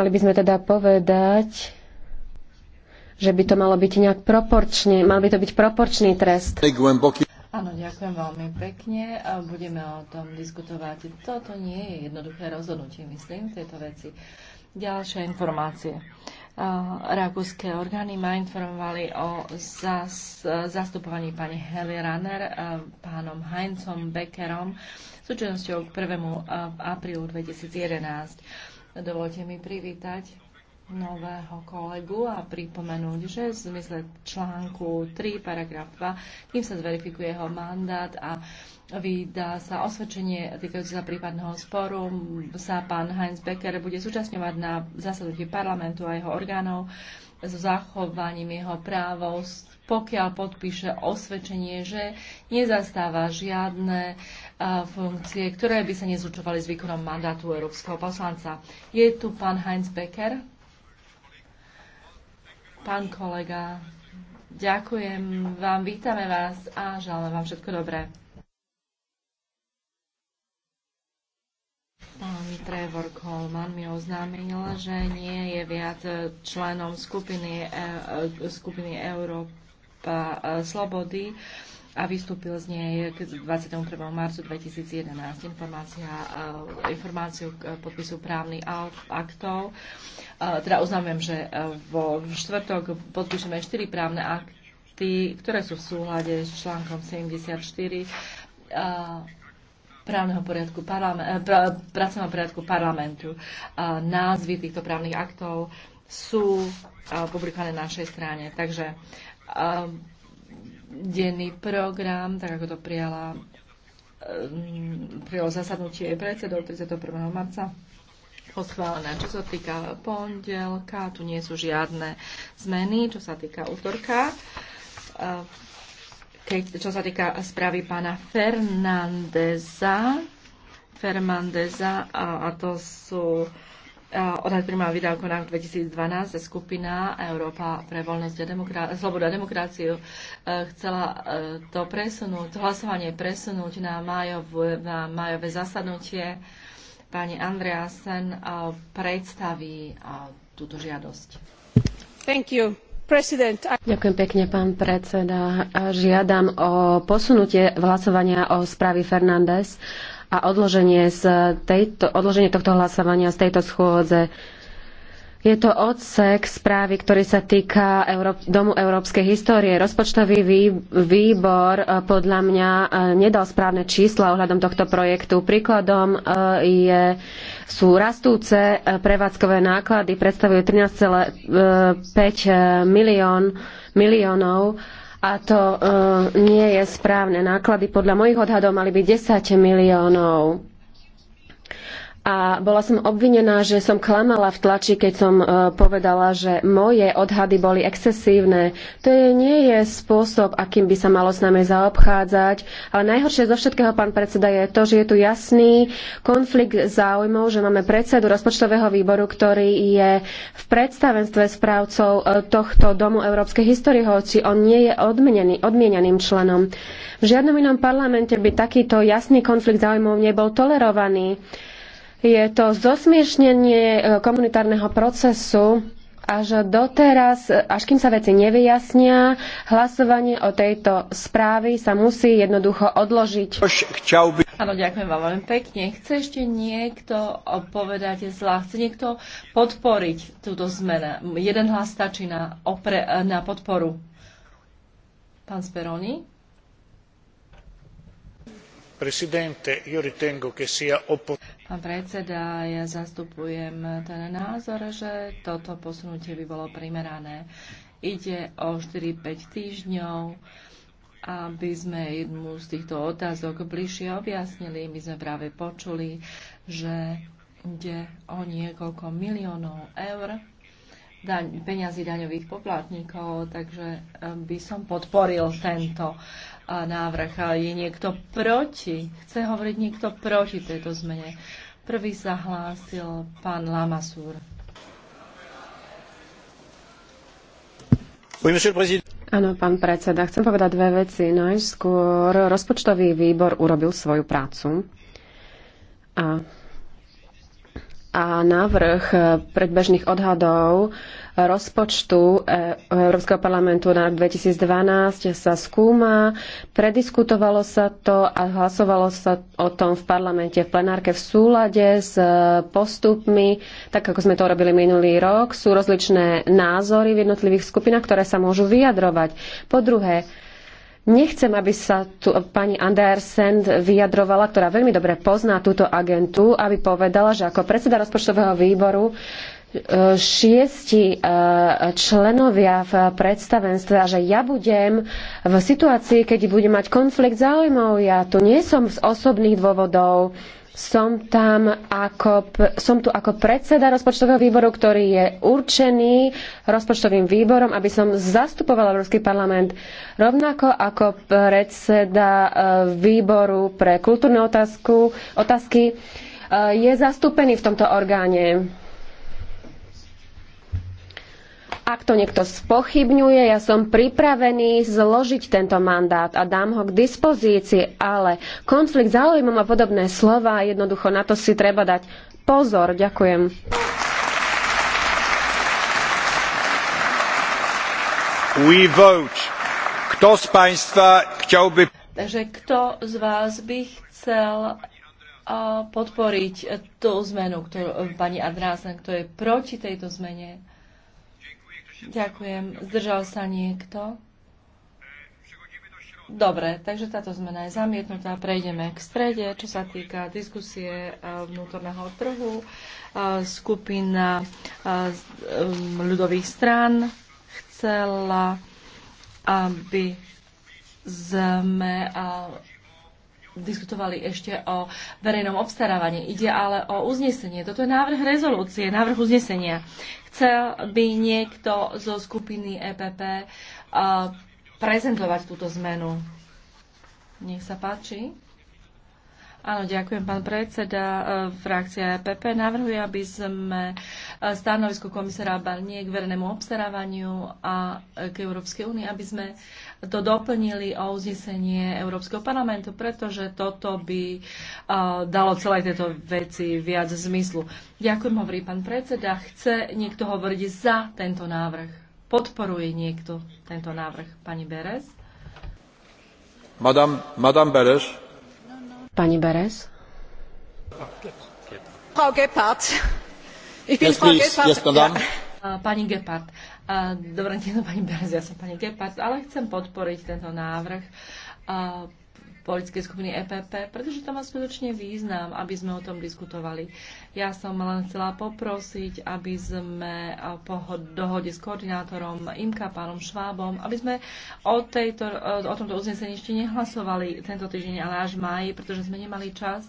Mali by sme teda povedať, že by to malo byť nejak proporčne, mal by to byť proporčný trest. Áno, ďakujem veľmi pekne. Budeme o tom diskutovať. Toto nie je jednoduché rozhodnutie, myslím, tieto veci. Ďalšia informácie. Rakúske orgány ma informovali o zas, zastupovaní pani Heli Runner pánom Heinzom Beckerom súčasťou k 1. aprílu 2011. Dovolte mi privítať nového kolegu a pripomenúť, že v zmysle článku 3, paragraf 2, kým sa zverifikuje jeho mandát a vydá sa osvedčenie týkajúce sa prípadného sporu, sa pán Heinz Becker bude súčasňovať na zasadnutí parlamentu a jeho orgánov so zachovaním jeho právov pokiaľ podpíše osvedčenie, že nezastáva žiadne e, funkcie, ktoré by sa nezúčovali s výkonom mandátu európskeho poslanca. Je tu pán Heinz Becker. Pán kolega, ďakujem vám, vítame vás a želáme vám všetko dobré. Pán Trevor Coleman mi oznámil, že nie je viac členom skupiny, e- e- skupiny Európy Európa e, slobody a vystúpil z nej 21. marcu 2011 informácia, e, informáciu k podpisu právnych aktov. E, teda oznámem, že vo štvrtok podpíšeme 4 právne akty, ktoré sú v súhľade s článkom 74 právneho poriadku parlament, pra, pracovného poriadku parlamentu. Názvy týchto právnych aktov sú publikované na našej strane. Takže Ehm, denný program, tak ako to prijala ehm, prijalo zasadnutie predsedov 31. marca poschválené. Čo sa týka pondelka, tu nie sú žiadne zmeny, čo sa týka útorka. Ehm, keď, čo sa týka správy pána Fernandeza, Fernandeza a, a to sú uh, Eh, odhad prima výdavkov na 2012 skupina Európa pre voľnosť a demokra- slobodu a demokraciu eh, chcela eh, to presunúť, to hlasovanie presunúť na, majovú, na majové zasadnutie. Pani Andreasen predstaví túto žiadosť. Thank you. Ďakujem pekne, pán predseda. Žiadam o posunutie hlasovania o správy Fernández a odloženie, z tejto, odloženie tohto hlasovania z tejto schôdze je to odsek správy, ktorý sa týka Euró- Domu európskej histórie. Rozpočtový výbor e, podľa mňa e, nedal správne čísla ohľadom tohto projektu. Príkladom e, je, sú rastúce prevádzkové náklady, predstavujú 13,5 milión, miliónov a to nie je správne. Náklady podľa mojich odhadov mali byť 10 miliónov a bola som obvinená, že som klamala v tlači, keď som e, povedala, že moje odhady boli excesívne. To je, nie je spôsob, akým by sa malo s nami zaobchádzať. Ale najhoršie zo všetkého, pán predseda, je to, že je tu jasný konflikt záujmov, že máme predsedu rozpočtového výboru, ktorý je v predstavenstve správcov e, tohto Domu európskej histórie, hoci on nie je odmienený, odmienaným členom. V žiadnom inom parlamente by takýto jasný konflikt záujmov nebol tolerovaný. Je to zosmiešnenie e, komunitárneho procesu až doteraz, e, až kým sa veci nevyjasnia, hlasovanie o tejto správy sa musí jednoducho odložiť. Áno, ďakujem vám veľmi pekne. Chce ešte niekto povedať zlá? Chce niekto podporiť túto zmenu? Jeden hlas stačí na, opre, na podporu. Pán Speroni? Pán predseda, ja zastupujem ten názor, že toto posunutie by bolo primerané. Ide o 4-5 týždňov, aby sme jednu z týchto otázok bližšie objasnili. My sme práve počuli, že ide o niekoľko miliónov eur daň, peňazí daňových poplatníkov, takže eh, by som podporil tento návrh. Je niekto proti? Chce hovoriť niekto proti tejto zmene? Prvý sa hlásil pán Lamasúr. Áno, pán predseda, chcem povedať dve veci. Najskôr rozpočtový výbor urobil svoju prácu a a návrh predbežných odhadov rozpočtu e- Európskeho parlamentu na rok 2012 sa skúma, prediskutovalo sa to a hlasovalo sa o tom v parlamente v plenárke v súlade s postupmi, tak ako sme to robili minulý rok. Sú rozličné názory v jednotlivých skupinách, ktoré sa môžu vyjadrovať. Po druhé, Nechcem, aby sa tu pani Andersen vyjadrovala, ktorá veľmi dobre pozná túto agentu, aby povedala, že ako predseda rozpočtového výboru e, šiesti e, členovia v predstavenstve a že ja budem v situácii, keď budem mať konflikt záujmov, ja tu nie som z osobných dôvodov, som, tam ako, som tu ako predseda rozpočtového výboru, ktorý je určený rozpočtovým výborom, aby som zastupoval Európsky parlament, rovnako ako predseda e, výboru pre kultúrne otázku, otázky e, je zastúpený v tomto orgáne. Ak to niekto spochybňuje, ja som pripravený zložiť tento mandát a dám ho k dispozícii, ale konflikt záujmom a podobné slova, jednoducho na to si treba dať pozor. Ďakujem. We vote. Kto z Państwa by... Takže kto z vás by chcel podporiť tú zmenu, ktorú pani Andrásen, kto je proti tejto zmene? Ďakujem. Zdržal sa niekto? Dobre, takže táto zmena je zamietnutá. Prejdeme k strede, čo sa týka diskusie eh, vnútorného trhu. Eh, skupina eh, ľudových strán chcela, aby sme diskutovali ešte o verejnom obstarávaní. Ide ale o uznesenie. Toto je návrh rezolúcie, návrh uznesenia. Chcel by niekto zo skupiny EPP eh, prezentovať túto zmenu. Nech sa páči. Áno, ďakujem, pán predseda. E, frakcia PP e navrhuje, aby sme e, stanovisko komisára Barnier k vernému obstarávaniu a k Európskej únii, aby sme to doplnili o uznesenie Európskeho parlamentu, pretože toto by dalo celé tieto veci viac zmyslu. Ďakujem, hovorí pán predseda. Chce niekto hovoriť za tento návrh? Podporuje niekto tento návrh? Pani Beres? Madame, Madame Beres. Pani Beres. Frau Gebhardt. Ich bin yes, Frau Gebhardt. Yes, madame. Pani Gepard. Dobrý deň, pani Berez, ja som pani Gepard, ale chcem podporiť tento návrh politickej skupiny EPP, pretože to má skutočne význam, aby sme o tom diskutovali. Ja som len chcela poprosiť, aby sme eh, po dohode s koordinátorom Imka, pánom Švábom, aby sme o, tejto, eh, o tomto uznesení ešte nehlasovali tento týždeň, ale až v máji, pretože sme nemali čas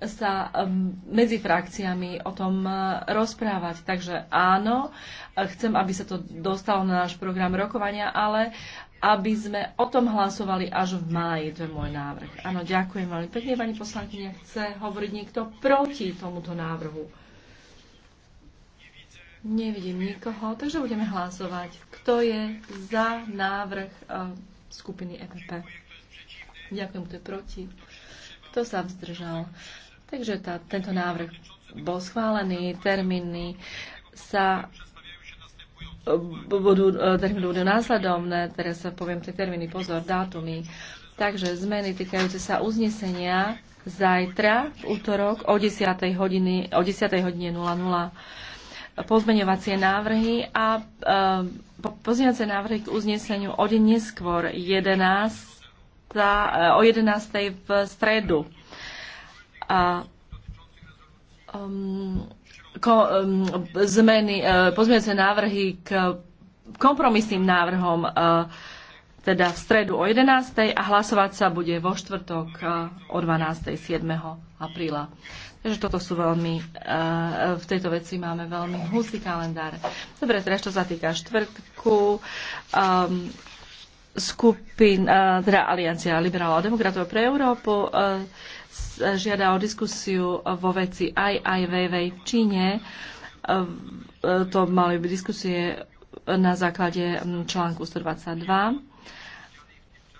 sa eh, medzi frakciami o tom rozprávať. Takže áno, chcem, aby sa to dostalo na náš program rokovania, ale aby sme o tom hlasovali až v máji. To je môj návrh. Áno, ďakujem veľmi pekne, pani poslankyňa. Chce hovoriť niekto proti tomuto návrhu? Nevidím nikoho, takže budeme hlasovať. Kto je za návrh uh, skupiny EPP? Ďakujem, kto je proti. Kto sa vzdržal? Takže tá, tento návrh bol schválený, termíny sa Eh, budú, eh, termíny budú následovné, teraz poviem tie termíny, pozor, dátumy. Takže zmeny týkajúce sa uznesenia zajtra v útorok o 10. hodiny, o 10. hodine 00 pozmeňovacie návrhy a e, pozmeňovacie návrhy k uzneseniu o deň neskôr 11, o 11. v stredu. A, um, Um, zmeny, uh, pozmeňujúce návrhy k kompromisným návrhom uh, teda v stredu o 11. a hlasovať sa bude vo štvrtok uh, o 12. 7. apríla. Takže toto sú veľmi, v tejto veci máme veľmi hustý kalendár. Dobre, teraz čo sa týka štvrtku, um, skupin, teda Aliancia liberálov a demokratov pre Európu, žiada o diskusiu vo veci aj aj v Číne. E, e, to mali by diskusie na základe článku 122.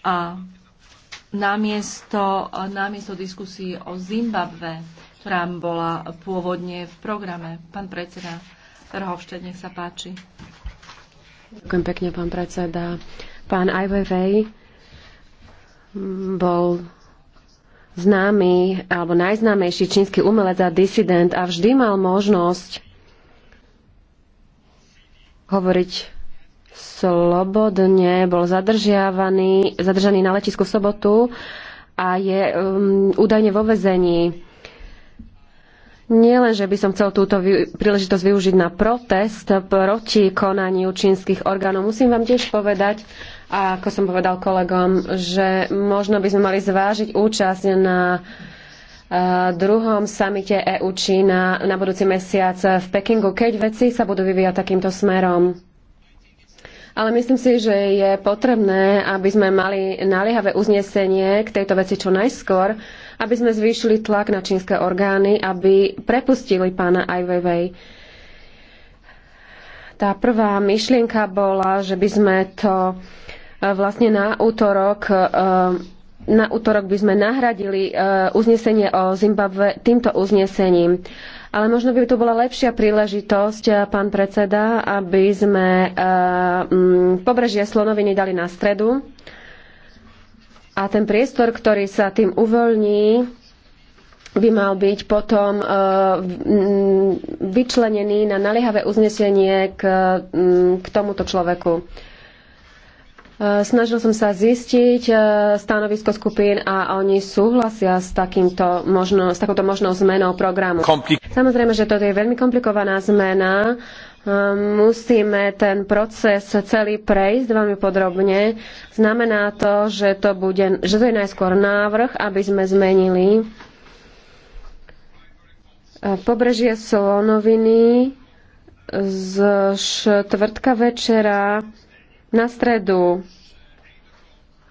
A namiesto, namiesto diskusí o Zimbabve, ktorá bola pôvodne v programe. Pán predseda Verhofštad, nech sa páči. Ďakujem pekne, pán predseda. Pán Ai Vej bol známy alebo najznámejší čínsky umelec a disident a vždy mal možnosť hovoriť slobodne, bol zadržiavaný, zadržaný na letisku v sobotu a je um, údajne vo vezení. Nielen, že by som chcel túto príležitosť využiť na protest proti konaniu čínskych orgánov, musím vám tiež povedať, a ako som povedal kolegom, že možno by sme mali zvážiť účasť na e, druhom samite EU Čína na budúci mesiac v Pekingu, keď veci sa budú vyvíjať takýmto smerom. Ale myslím si, že je potrebné, aby sme mali naliehavé uznesenie k tejto veci čo najskôr, aby sme zvýšili tlak na čínske orgány, aby prepustili pána Ai Weiwei. Tá prvá myšlienka bola, že by sme to e, vlastne na útorok e, na útorok by sme nahradili e, uznesenie o Zimbabve týmto uznesením. Ale možno by to bola lepšia príležitosť, pán predseda, aby sme pobrežie Slonoviny dali na stredu a ten priestor, ktorý sa tým uvoľní, by mal byť potom e, vyčlenený na naliehavé uznesenie k, k tomuto človeku. E, snažil som sa zistiť e, stanovisko skupín a oni súhlasia s, takýmto možno, s takouto možnou zmenou programu. Kompli- Samozrejme, že toto je veľmi komplikovaná zmena musíme ten proces celý prejsť veľmi podrobne. Znamená to, že to, bude, že to je najskôr návrh, aby sme zmenili eh, pobrežie Slonoviny z štvrtka večera na stredu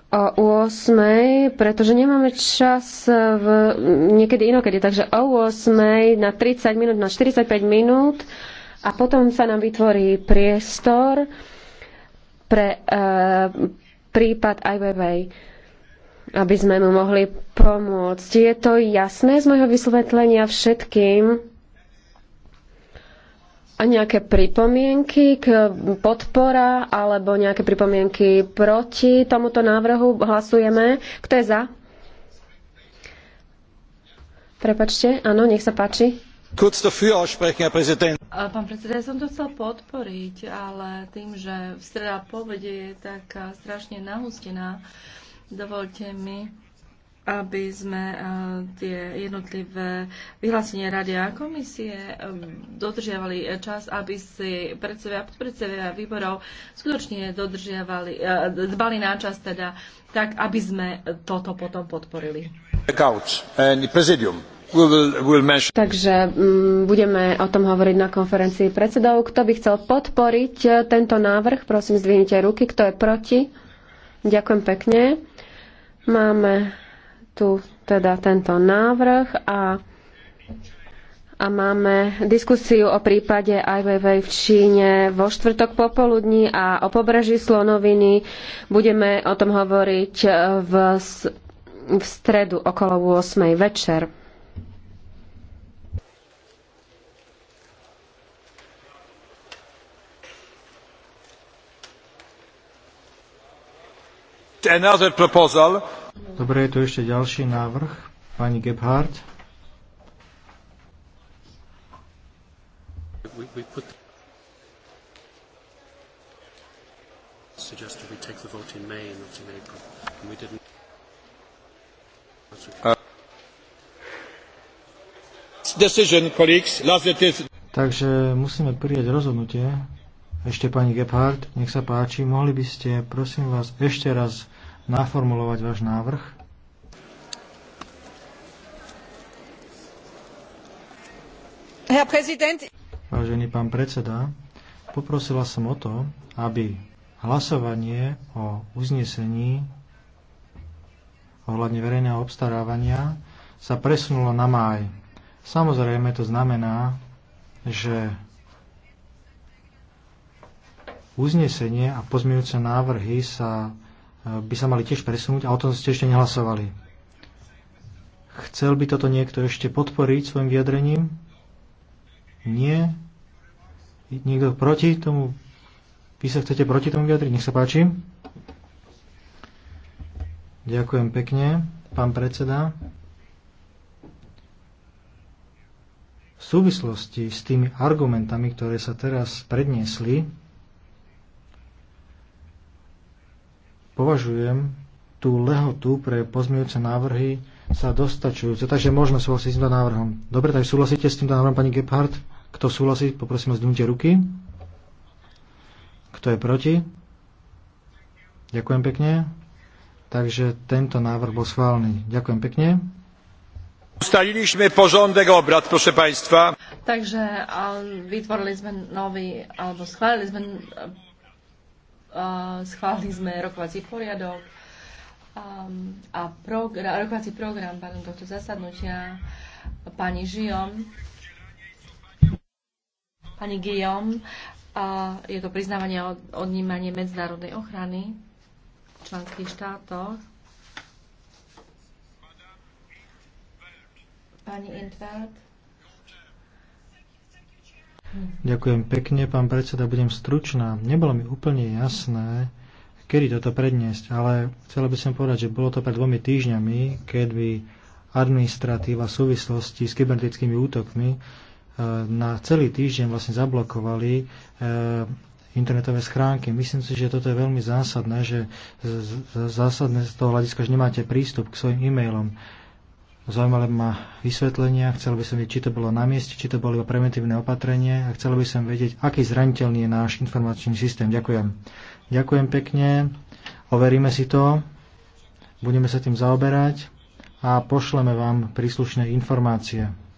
o 8, pretože nemáme čas v, niekedy inokedy, takže o 8 na 30 minút, na 45 minút a potom sa nám vytvorí priestor pre e, prípad Ai aby sme mu mohli pomôcť. Je to jasné z môjho vysvetlenia všetkým? A nejaké pripomienky k podpora alebo nejaké pripomienky proti tomuto návrhu hlasujeme. Kto je za? Prepačte, áno, nech sa páči. Pán predseda, ja som to chcel podporiť, ale tým, že v streda povede je taká strašne nahustená, dovolte mi, aby sme tie jednotlivé vyhlásenie rady a komisie dodržiavali čas, aby si predsedovia a podpredsedovia výborov skutočne dodržiavali, dbali na čas teda, tak aby sme toto potom podporili. Eh, Takže mm, budeme o tom hovoriť na konferencii predsedov. Kto by chcel podporiť e, tento návrh, prosím, zdvihnite ruky. Kto je proti? Ďakujem pekne. Máme tu teda tento návrh a, a máme diskusiu o prípade Ai Weiwei v Číne vo štvrtok popoludní a o pobreží Slonoviny. Budeme o tom hovoriť e, v, v stredu okolo 8. večer. another proposal. Dobre, je tu ešte ďalší návrh. Pani Gebhardt. We, we put... suggested we take the vote in May not in April, and we didn't. decision, colleagues. Last it is. Takže musíme prijať rozhodnutie, ešte pani Gebhardt, nech sa páči, mohli by ste, prosím vás, ešte raz naformulovať váš návrh? Herr Präsident. Vážený pán predseda, poprosila som o to, aby hlasovanie o uznesení ohľadne verejného obstarávania sa presunulo na máj. Samozrejme to znamená, že uznesenie a pozmeňujúce návrhy sa, e, by sa mali tiež presunúť a o tom ste ešte nehlasovali. Chcel by toto niekto ešte podporiť svojim vyjadrením? Nie? Niekto proti tomu? Vy sa chcete proti tomu vyjadriť? Nech sa páči. Ďakujem pekne, pán predseda. V súvislosti s tými argumentami, ktoré sa teraz predniesli, považujem tú lehotu pre pozmeňujúce návrhy sa dostačujúce, takže možno súhlasiť s týmto návrhom. Dobre, tak súhlasíte s týmto návrhom, pani Gebhardt? Kto súhlasí, poprosím o zdvihnutie ruky. Kto je proti? Ďakujem pekne. Takže tento návrh bol schválený. Ďakujem pekne. sme porządek obrad, proszę Państwa. Takže vytvorili sme nový, alebo schválili sme schválili sme rokovací poriadok a rokovací program pardon, tohto zasadnutia pani Žijom, pani Gijom, a je to priznávanie od, odnímanie medzinárodnej ochrany v členských štátoch. Pani Intveld. Ďakujem pekne, pán predseda, budem stručná. Nebolo mi úplne jasné, kedy toto predniesť, ale chcela by som povedať, že bolo to pred dvomi týždňami, keď by administratíva v súvislosti s kybernetickými útokmi e, na celý týždeň vlastne zablokovali e, internetové schránky. Myslím si, že toto je veľmi zásadné, že zásadné z toho hľadiska, že nemáte prístup k svojim e-mailom. Zaujímavé ma vysvetlenia, chcel by som vedieť, či to bolo na mieste, či to bolo iba preventívne opatrenie a chcel by som vedieť, aký zraniteľný je náš informačný systém. Ďakujem. Ďakujem pekne, overíme si to, budeme sa tým zaoberať a pošleme vám príslušné informácie.